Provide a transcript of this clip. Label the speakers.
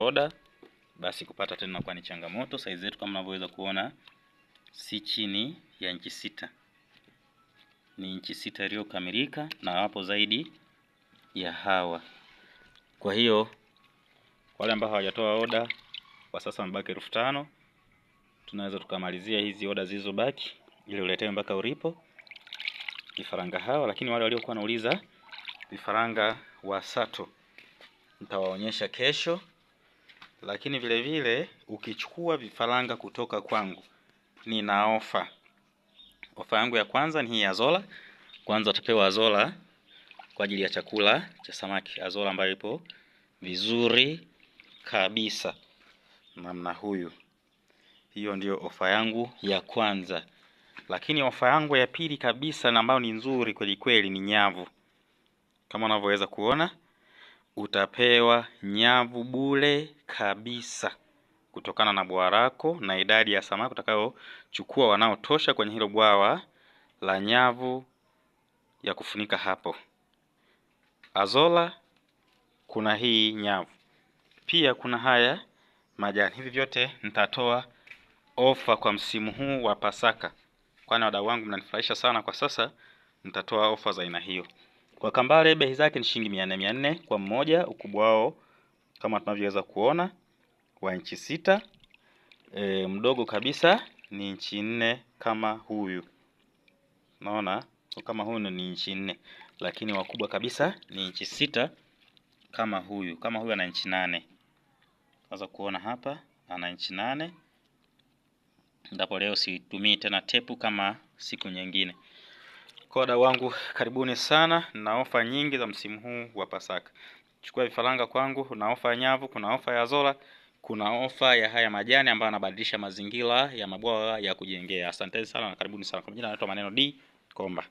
Speaker 1: oda basi kupata tena kwa ni changamoto. size zetu kama mnavyoweza kuona si chini ya inchi sita, ni inchi sita iliyokamilika na wapo zaidi ya hawa. Kwa hiyo wale ambao hawajatoa oda kwa sasa mbaki elfu tano. Tunaweza tukamalizia hizi oda zilizobaki ili uletewe mpaka ulipo vifaranga hawa, lakini wale waliokuwa wanauliza vifaranga wa sato nitawaonyesha kesho lakini vile vile ukichukua vifaranga kutoka kwangu, nina ofa. Ofa yangu ya kwanza ni hii azola Kwanza utapewa azola kwa ajili ya chakula cha samaki, azola ambayo ipo vizuri kabisa namna huyu. Hiyo ndiyo ofa yangu ya kwanza, lakini ofa yangu ya pili kabisa na ambayo ni nzuri kweli kweli ni nyavu, kama unavyoweza kuona utapewa nyavu bure kabisa kutokana na bwawa lako na idadi ya samaki utakayochukua wanaotosha kwenye hilo bwawa la nyavu ya kufunika hapo. azola kuna hii nyavu, pia kuna haya majani. Hivi vyote nitatoa ofa kwa msimu huu wa Pasaka, kwani wadau wangu mnanifurahisha sana kwa sasa. Nitatoa ofa za aina hiyo. Kwa kambale bei zake ni shilingi 400 kwa mmoja, ukubwa wao kama tunavyoweza kuona wa inchi sita. E, mdogo kabisa ni inchi nne kama huyu, naona kama huyu ni inchi nne, lakini wakubwa kabisa ni inchi sita kama huyu. Kama huyu ana inchi nane, naweza kuona hapa ana inchi nane, ndapo leo situmii tena tepu kama siku nyingine. Kwa wadau wangu, karibuni sana na ofa nyingi za msimu huu wa Pasaka. Chukua vifaranga kwangu, kuna ofa ya nyavu, kuna ofa ya zola, kuna ofa ya haya majani ambayo yanabadilisha mazingira ya mabwawa ya kujengea. Asanteni sana na karibuni sana. Kwa majina anaitwa Maneno D Komba.